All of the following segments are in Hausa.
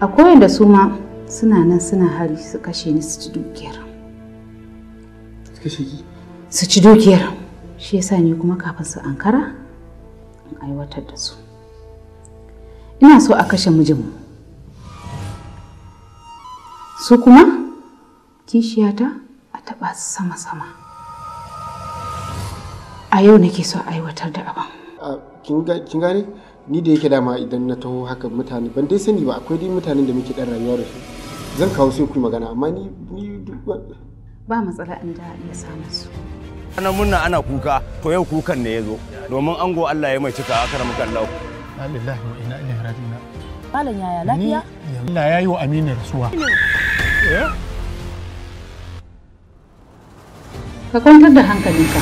a koyan da su ma suna nan suna hari su kashe ni su ci dukiyar su ci dukiyar shi yasa ni kuma kafin su ankara in aiwatar da su ina so a kashe mijinmu su kuma kishiyata a taɓa sama-sama a yau nake so aiwatar da abin kin gane ni da yake dama idan na taho haka mutane ban dai sani ba akwai dai mutanen da muke dan rayuwa da su zan kawo sai ku magana amma ni ni ba matsala in da iya samu su ana murna ana kuka to yau kukan ne ya zo domin ango Allah ya mai cika aka mukan lau alillahi wa inna ilaihi raji'un malam yaya lafiya Allah ya yi wa amina rasuwa eh? ka kwantar da hankalinka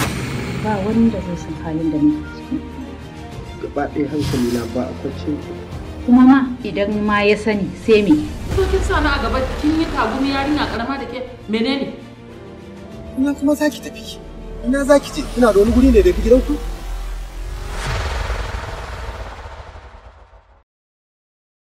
ba wanda zai san halin da ni. gaba ɗaya hankali na ba a kwance kuma ma idan ma ya sani sai me ko kin sa na a gaba kin yi tagumi yarinya karama da ke menene ina kuma zaki tafi ina zaki ce ina da wani guri ne da gidanku